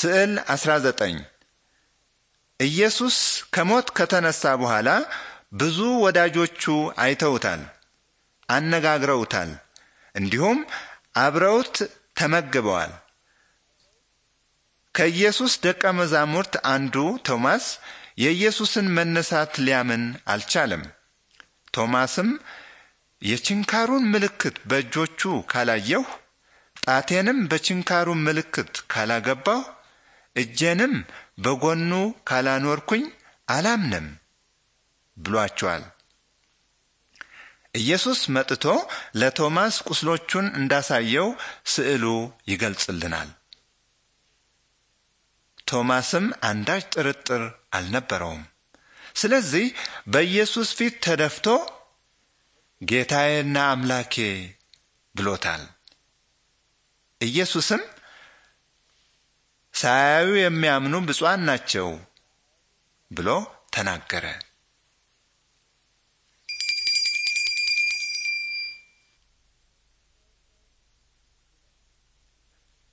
ስዕል 19 ኢየሱስ ከሞት ከተነሳ በኋላ ብዙ ወዳጆቹ አይተውታል፣ አነጋግረውታል፣ እንዲሁም አብረውት ተመግበዋል። ከኢየሱስ ደቀ መዛሙርት አንዱ ቶማስ የኢየሱስን መነሳት ሊያምን አልቻለም። ቶማስም የችንካሩን ምልክት በእጆቹ ካላየሁ ጣቴንም በችንካሩ ምልክት ካላገባሁ እጄንም በጎኑ ካላኖርኩኝ አላምንም ብሏቸዋል። ኢየሱስ መጥቶ ለቶማስ ቁስሎቹን እንዳሳየው ስዕሉ ይገልጽልናል። ቶማስም አንዳች ጥርጥር አልነበረውም። ስለዚህ በኢየሱስ ፊት ተደፍቶ ጌታዬና አምላኬ ብሎታል። ኢየሱስም ሳያዩ የሚያምኑ ብፁዓን ናቸው ብሎ ተናገረ።